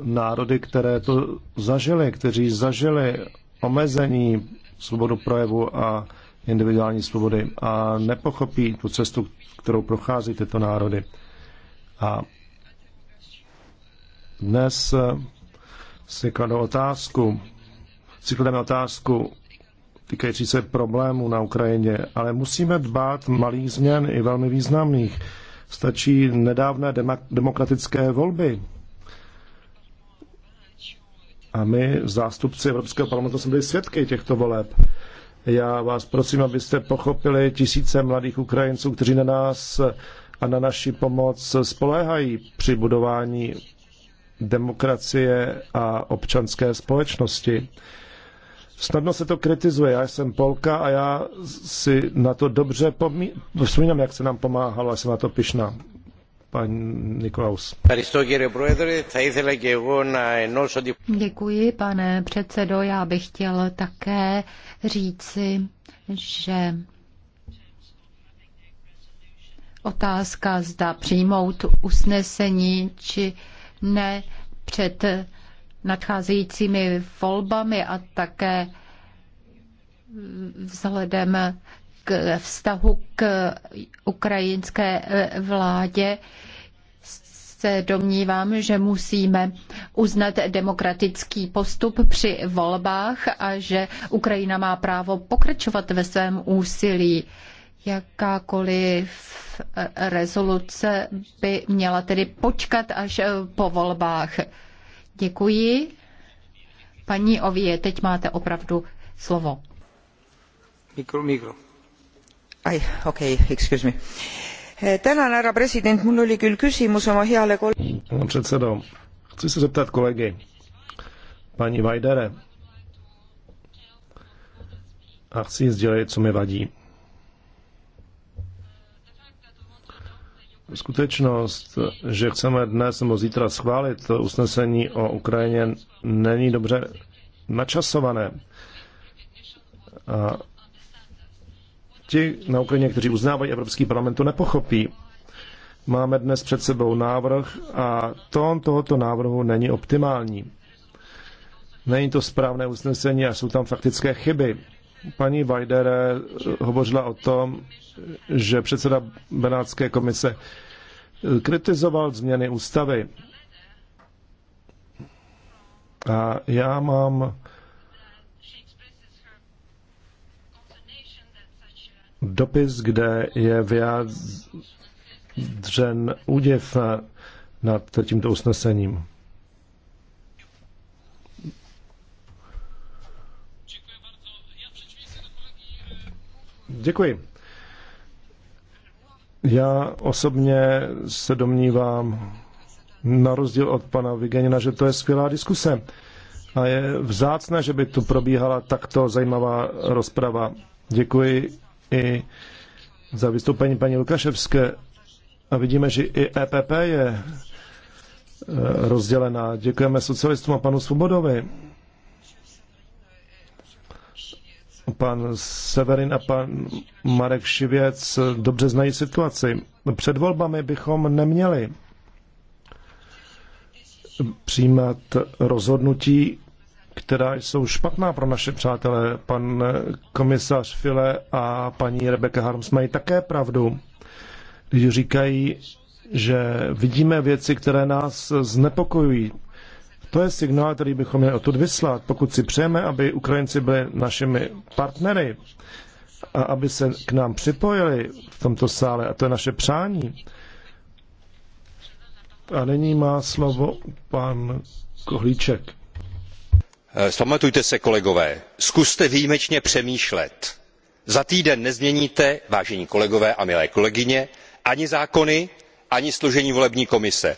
národy, které to zažili, kteří zažili omezení svobodu projevu a individuální svobody a nepochopí tu cestu, kterou prochází tyto národy. A dnes si kladu otázku, si klademe otázku, týkající se problémů na Ukrajině, ale musíme dbát malých změn i velmi významných. Stačí nedávné demokratické volby. A my, zástupci Evropského parlamentu, jsme byli svědky těchto voleb. Já vás prosím, abyste pochopili tisíce mladých Ukrajinců, kteří na nás a na naši pomoc spoléhají při budování demokracie a občanské společnosti. Snadno se to kritizuje. Já jsem Polka a já si na to dobře pomí... vzpomínám, jak se nám pomáhalo a jsem na to pišná. Pan Nikolaus. Děkuji, pane předsedo. Já bych chtěl také říci, že otázka, zda přijmout usnesení či ne před nadcházejícími volbami a také vzhledem k vztahu k ukrajinské vládě se domnívám, že musíme uznat demokratický postup při volbách a že Ukrajina má právo pokračovat ve svém úsilí. Jakákoliv rezoluce by měla tedy počkat až po volbách. Děkuji. Paní Ovie, teď máte opravdu slovo. Mikro, mikro. Ai, okei okay, excuse me. Eh, tänan, härra president, mul oli küll küsimus oma heale kol- předsedo, chci se zeptat kolegy, paní Vajdere, a chci sdělit, co mi vadí. skutečnost, že chceme dnes nebo zítra schválit usnesení o Ukrajině, není dobře načasované. A ti na Ukrajině, kteří uznávají Evropský parlament, to nepochopí. Máme dnes před sebou návrh a tón tohoto návrhu není optimální. Není to správné usnesení a jsou tam faktické chyby. Paní Vajdere eh, hovořila o tom, že předseda Benátské komise eh, kritizoval změny ústavy. A já mám dopis, kde je vyjádřen údiv nad tímto usnesením. Děkuji. Já osobně se domnívám, na rozdíl od pana Vigenina, že to je skvělá diskuse. A je vzácné, že by tu probíhala takto zajímavá rozprava. Děkuji i za vystoupení paní Lukaševské. A vidíme, že i EPP je e, rozdělená. Děkujeme socialistům a panu Svobodovi. Pan Severin a pan Marek Šivěc dobře znají situaci. Před volbami bychom neměli přijímat rozhodnutí, která jsou špatná pro naše přátelé. Pan komisař File a paní Rebecca Harms mají také pravdu, když říkají, že vidíme věci, které nás znepokojují. To je signál, který bychom měli odtud vyslat. Pokud si přejeme, aby Ukrajinci byli našimi partnery a aby se k nám připojili v tomto sále, a to je naše přání. A nyní má slovo pan Kohlíček. Eh, Zpamatujte se, kolegové. Zkuste výjimečně přemýšlet. Za týden nezměníte, vážení kolegové a milé kolegyně, ani zákony, ani složení volební komise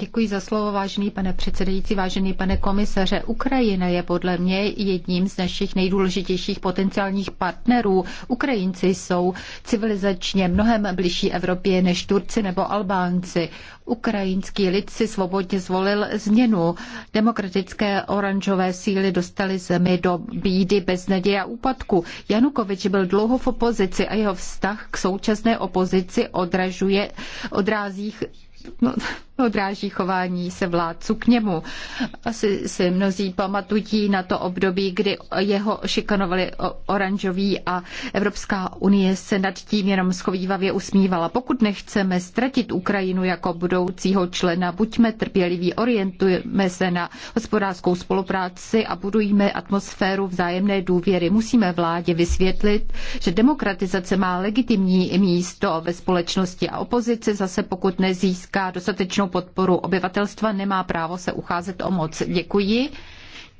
Děkuji za slovo, vážený pane předsedající, vážený pane komisaře. Ukrajina je podle mě jedním z našich nejdůležitějších potenciálních partnerů. Ukrajinci jsou civilizačně mnohem bližší Evropě než Turci nebo Albánci. Ukrajinský lid si svobodně zvolil změnu. Demokratické oranžové síly dostaly zemi do bídy, beznaděje a úpadku. Janukovič byl dlouho v opozici a jeho vztah k současné opozici odražuje, odrází no, odráží chování se vládců k němu. Asi si mnozí pamatují na to období, kdy jeho šikanovali oranžoví a Evropská unie se nad tím jenom schovývavě usmívala. Pokud nechceme ztratit Ukrajinu jako budoucího člena, buďme trpěliví, Orientujeme se na hospodářskou spolupráci a budujme atmosféru vzájemné důvěry. Musíme vládě vysvětlit, že demokratizace má legitimní místo ve společnosti a opozice zase pokud nezíská dostatečnou skutečnou podporu obyvatelstva, nemá právo se ucházet o moc. Děkuji.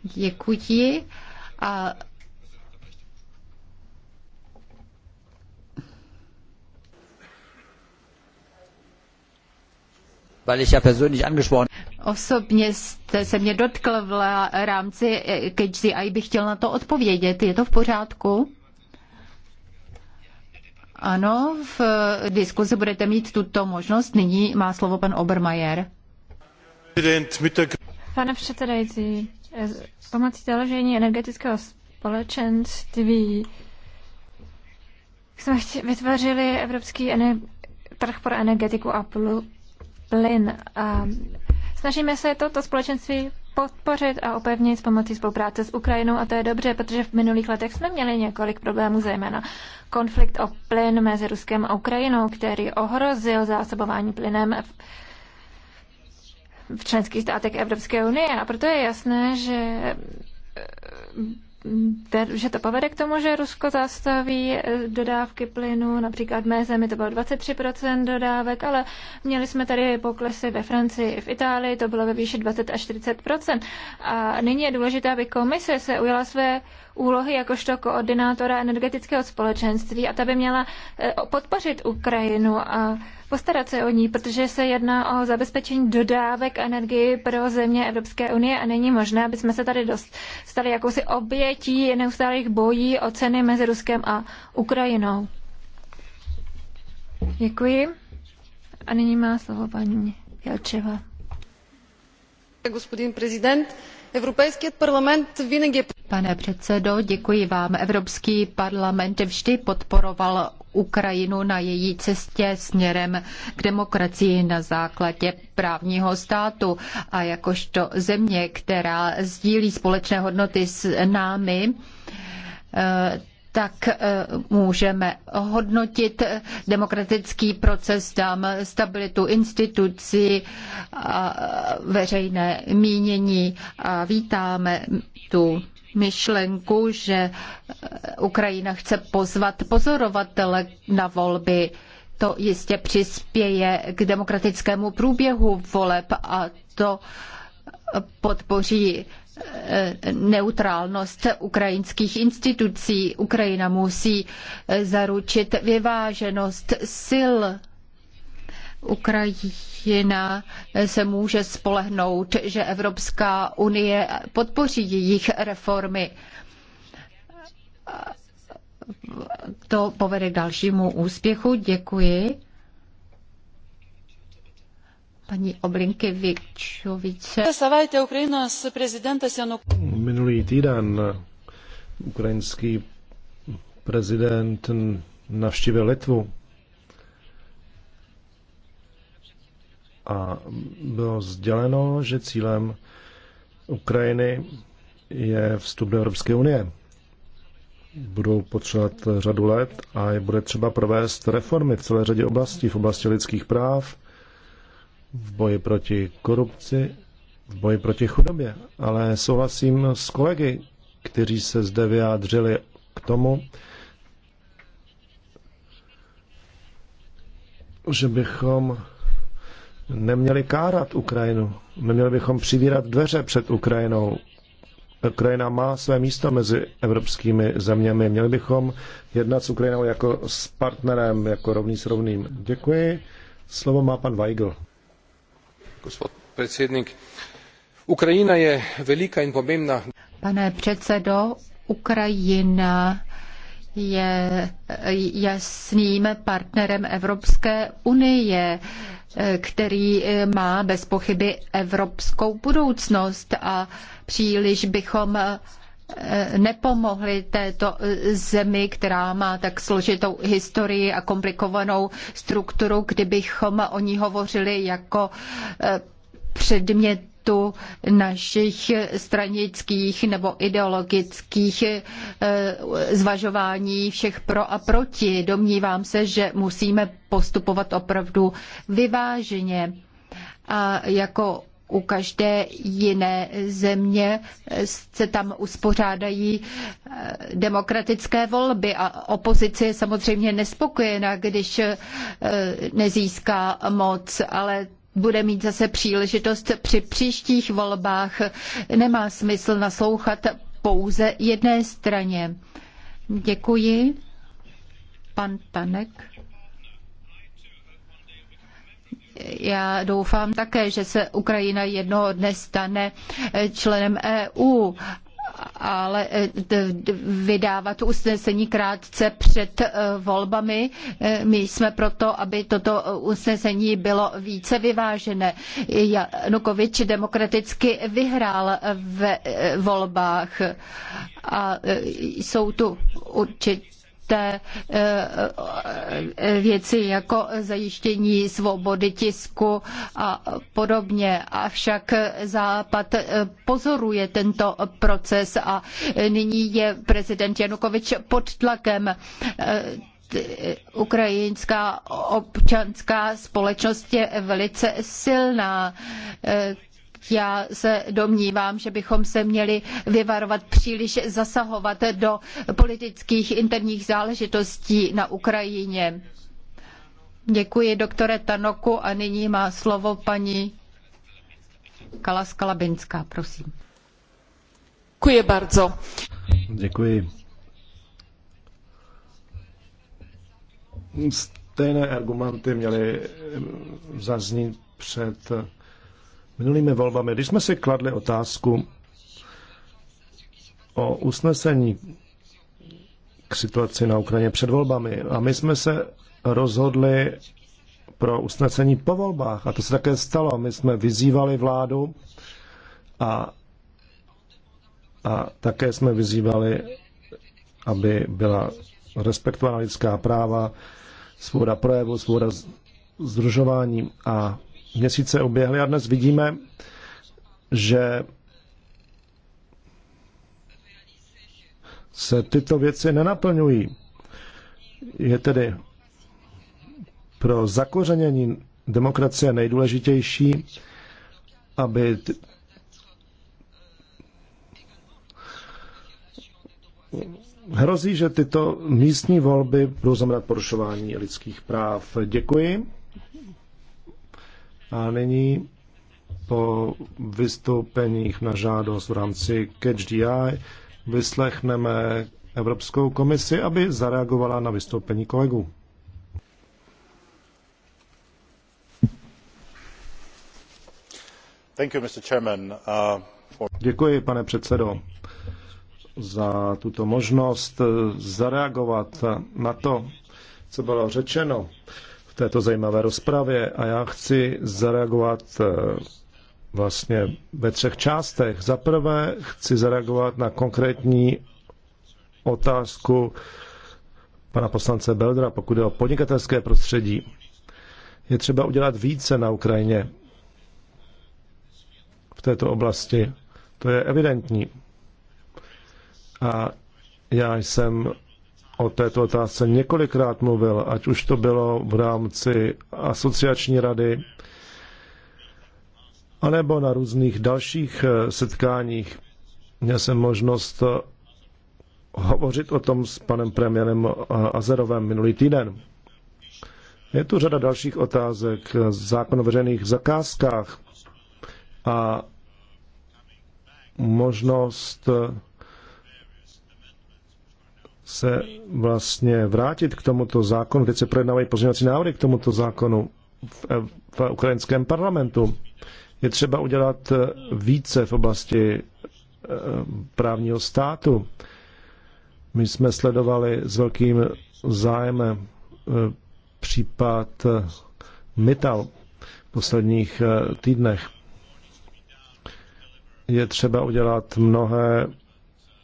Děkuji. A Osobně jste se mě dotkl v rámci eh, KGI, bych chtěl na to odpovědět. Je to v pořádku? Ano, v diskuzi budete mít tuto možnost. Nyní má slovo pan Obermajer. Pane předsedající, pomocí založení energetického společenství jsme vytvořili evropský trh pro energetiku a plyn. A snažíme se toto společenství podpořit a opevnit s pomocí spolupráce s Ukrajinou a to je dobře, protože v minulých letech jsme měli několik problémů, zejména konflikt o plyn mezi Ruskem a Ukrajinou, který ohrozil zásobování plynem v, v členských státech Evropské unie a proto je jasné, že že to povede k tomu, že Rusko zastaví eh, dodávky plynu, například v mé zemi to bylo 23% dodávek, ale měli jsme tady poklesy ve Francii, v Itálii to bylo ve výši 20 až 40%. A nyní je důležité, aby komise se ujala své úlohy jakožto koordinátora energetického společenství a ta by měla eh, podpořit Ukrajinu a postarat se o ní, protože se jedná o zabezpečení dodávek energii pro země Evropské unie a není možné, aby jsme se tady dost stali jakousi obětí neustálých bojí o ceny mezi Ruskem a Ukrajinou. Děkuji. A nyní má slovo paní Jelčeva. Господин президент, Европейският парламент винаги е Pane předsedo, děkuji vám. Evropský parlament vždy podporoval Ukrajinu na její cestě směrem k demokracii na základě právního státu a jakožto země, která sdílí společné hodnoty s námi, eh, tak eh, můžeme hodnotit demokratický proces, tam stabilitu institucí a veřejné mínění a vítáme tu myšlenku, že eh, Ukrajina chce pozvat pozorovatele na volby. To jistě přispěje k demokratickému průběhu voleb a to eh, podpoří eh, neutrálnost ukrajinských institucí. Ukrajina musí zaručit vyváženost sil Ukrajina se může spolehnout, že Evropská unie podpoří jejich reformy. To povede k dalšímu úspěchu. Děkuji. Paní Oblinkevičovice. Minulý týden ukrajinský prezident navštívil Litvu a bylo sděleno, že cílem Ukrajiny je vstup do Evropské unie. Budou potřebovat řadu let a je bude třeba provést reformy v celé řadě oblastí, v oblasti lidských práv, v boji proti korupci, v boji proti chudobě. Ale souhlasím s kolegy, kteří se zde vyjádřili k tomu, že bychom neměli kárat Ukrajinu. Neměli bychom přivírat dveře před Ukrajinou. Ukrajina má své místo mezi evropskými zeměmi. Měli bychom jednat s Ukrajinou jako s partnerem, jako rovný s rovným. Děkuji. Slovo má pan Weigl. Gospod předsednik, Ukrajina je veliká a pomembná. Pane předsedo, Ukrajina je jasným partnerem Evropské unie který eh, má bez pochyby evropskou budoucnost a příliš bychom eh, nepomohli této eh, zemi, která má tak složitou historii a komplikovanou strukturu, kdybychom o ní hovořili jako předmět konfliktu našich stranických nebo ideologických eh, zvažování všech pro a proti. Domnívám se, že musíme postupovat opravdu vyváženě a jako u každé jiné země se tam uspořádají eh, demokratické volby a opozice je samozřejmě nespokojená, když eh, nezíská moc, ale bude mít zase příležitost při příštích volbách. Nemá smysl naslouchat pouze jedné straně. Děkuji. Pan Tanek. Já doufám také, že se Ukrajina jednoho dne stane členem EU ale eh, vydávat usnesení krátce před eh, volbami. Eh, my jsme proto, aby toto usnesení bylo více vyvážené. Janukovič demokraticky vyhrál ve volbách a jsou tu určitě důležité eh, eh, věci jako zajištění svobody tisku a podobně. Avšak Západ eh, pozoruje tento proces a nyní je prezident Janukovič pod tlakem ukrajinská občanská společnost je velice silná. Já se domnívám, že bychom se měli vyvarovat příliš zasahovat do politických interních záležitostí na Ukrajině. Děkuji doktore Tanoku a nyní má slovo paní Kalaskalabinská, prosím. Děkuji bardzo. Děkuji. Stejné argumenty měly zaznít před minulými volbami, když jsme si kladli otázku o usnesení k situaci na Ukrajině před volbami a my jsme se rozhodli pro usnesení po volbách a to se také stalo. My jsme vyzývali vládu a, a také jsme vyzývali, aby byla respektována lidská práva, svoboda projevu, svoboda združování a měsíce oběhly a dnes vidíme, že se tyto věci nenaplňují. Je tedy pro zakořenění demokracie nejdůležitější, aby hrozí, že tyto místní volby budou znamenat porušování lidských práv. Děkuji. A nyní po vystoupeních na žádost v rámci Catch the Eye vyslechneme Evropskou komisi, aby zareagovala na vystoupení kolegů. Uh, Děkuji, pane předsedo, za tuto možnost eh, zareagovat na to, co bylo řečeno této zajímavé rozpravě a já chci zareagovat eh, vlastně ve třech částech. Za prvé chci zareagovat na konkrétní otázku pana poslance Beldra, pokud je o podnikatelské prostředí. Je třeba udělat více na Ukrajině v této oblasti. To je evidentní. A já jsem o této otázce několikrát mluvil, ať už to bylo v rámci asociační rady, anebo na různých dalších eh, setkáních. Měl jsem možnost eh, hovořit o tom s panem premiérem eh, Azerovem minulý týden. Je tu řada dalších otázek, zákon o veřejných zakázkách a možnost se vlastně vrátit k tomuto zákonu. Teď se projednávají pozměňovací návrhy k tomuto zákonu v, v ukrajinském parlamentu. Je třeba udělat eh, více v oblasti eh, právního státu. My jsme sledovali s velkým zájmem eh, případ Mital v posledních týdnech. Je třeba udělat mnohé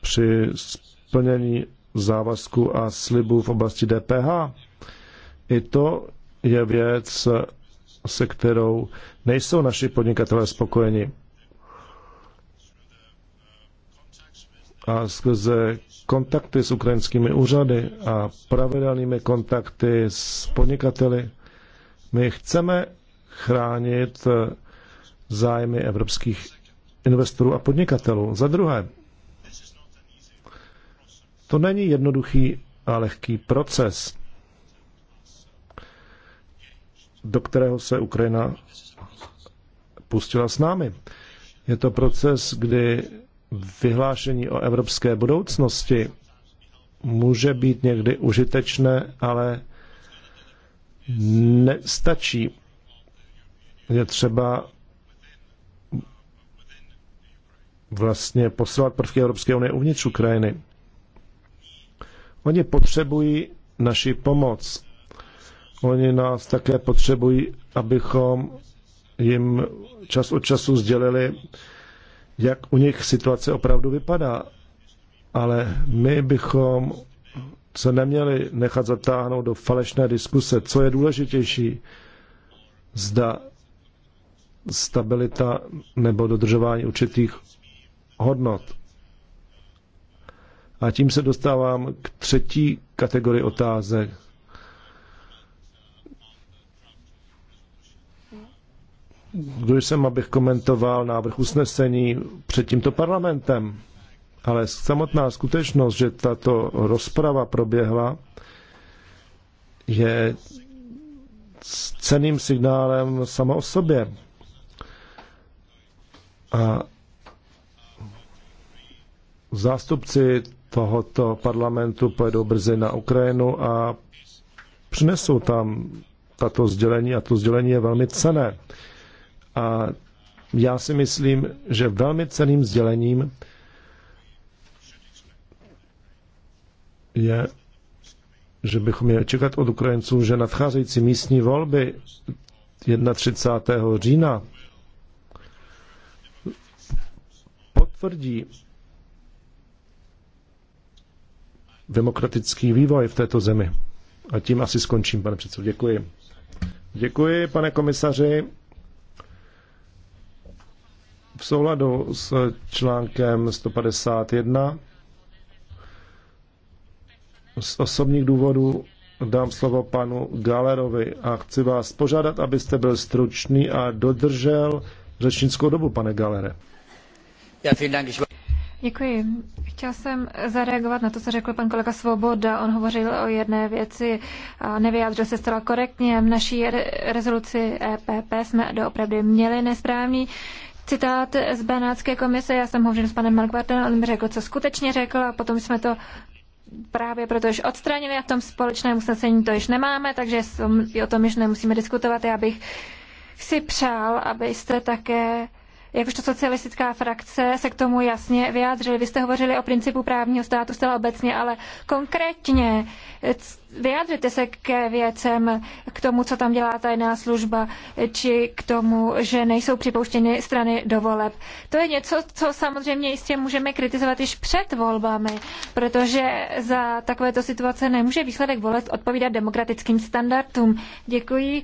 při splnění závazku a slibu v oblasti DPH. I to je věc, se kterou nejsou naši podnikatelé spokojeni. A skrze kontakty s ukrajinskými úřady a pravidelnými kontakty s podnikateli, my chceme chránit zájmy evropských investorů a podnikatelů. Za druhé, to není jednoduchý a lehký proces, do kterého se Ukrajina pustila s námi. Je to proces, kdy vyhlášení o evropské budoucnosti může být někdy užitečné, ale nestačí. Je třeba vlastně posílat prvky Evropské unie uvnitř Ukrajiny. Oni potřebují naši pomoc. Oni nás také potřebují, abychom jim čas od času sdělili, jak u nich situace opravdu vypadá. Ale my bychom se neměli nechat zatáhnout do falešné diskuse. Co je důležitější? Zda stabilita nebo dodržování určitých hodnot. A tím se dostávám k třetí kategorii otázek. Kdo jsem, abych komentoval návrh usnesení před tímto parlamentem, ale samotná skutečnost, že tato rozprava proběhla, je ceným signálem sama o sobě. A zástupci tohoto parlamentu pojedou brzy na Ukrajinu a přinesou tam tato sdělení a to sdělení je velmi cené. A já si myslím, že velmi ceným sdělením je, že bychom měli čekat od Ukrajinců, že nadcházející místní volby 31. října potvrdí demokratický vývoj v této zemi. A tím asi skončím, pane předsedo. Děkuji. Děkuji, pane komisaři. V souladu s článkem 151 z osobních důvodů dám slovo panu Galerovi a chci vás požádat, abyste byl stručný a dodržel řečnickou dobu, pane Galere. Děkuji. Chtěla jsem zareagovat na to, co řekl pan kolega Svoboda. On hovořil o jedné věci nevyjádřil se zcela korektně. V naší rezoluci EPP jsme doopravdy měli nesprávný citát z Benátské komise. Já jsem hovořil s panem Markvartem, on mi řekl, co skutečně řekl a potom jsme to právě proto již odstranili a v tom společném usnesení to již nemáme, takže o tom již nemusíme diskutovat. Já bych si přál, abyste také jakožto socialistická frakce se k tomu jasně vyjádřili. Vy jste hovořili o principu právního státu zcela obecně, ale konkrétně eh, vyjádřete se k věcem, k tomu, co tam dělá tajná služba, či k tomu, že nejsou připouštěny strany do voleb. To je něco, co samozřejmě jistě můžeme kritizovat již před volbami, protože za takovéto situace nemůže výsledek voleb odpovídat demokratickým standardům. Děkuji.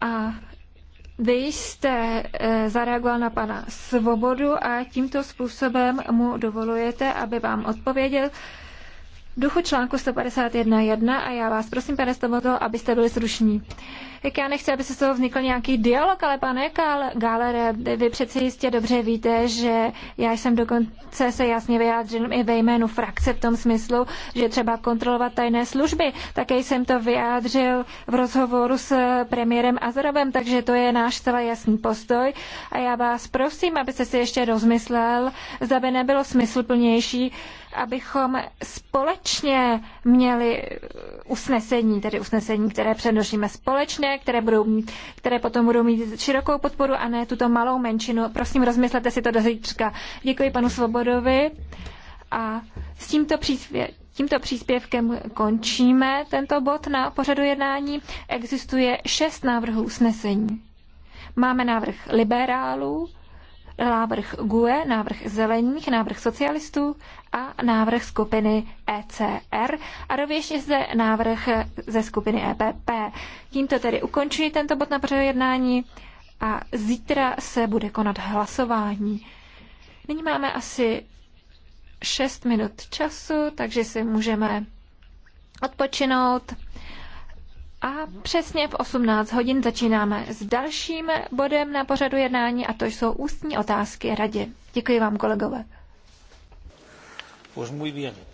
A vy jste eh, zareagoval na pana Svobodu a tímto způsobem mu dovolujete, aby vám odpověděl duchu článku 151.1 a já vás prosím, pane Svobodo, abyste byli zrušní. Jak já nechci, aby se z toho vznikl nějaký dialog, ale pane Galere, vy přeci jistě dobře víte, že já jsem dokonce se jasně vyjádřil i ve jménu frakce v tom smyslu, že třeba kontrolovat tajné služby. Také jsem to vyjádřil v rozhovoru s premiérem Azarovem, takže to je náš celý jasný postoj. A já vás prosím, abyste si ještě rozmyslel, zda by nebylo smysluplnější abychom společně měli usnesení, tedy usnesení, které předložíme společně, lidé, které, budou mít, které potom budou mít širokou podporu a ne tuto malou menšinu. Prosím, rozmyslete si to do zítřka. Děkuji panu Svobodovi a s tímto příspěvkem Tímto příspěvkem končíme tento bod na pořadu jednání. Existuje šest návrhů usnesení. Máme návrh liberálů, návrh GUE, návrh zelených, návrh socialistů a návrh skupiny ECR a rovněž zde návrh ze skupiny EPP. Tímto tedy ukončuji tento bod na pořadu jednání a zítra se bude konat hlasování. Nyní máme asi 6 minut času, takže si můžeme odpočinout. A přesně v 18 hodin začínáme s dalším bodem na pořadu jednání a to jsou ústní otázky radě. Děkuji vám, kolegové. Pues muy bien.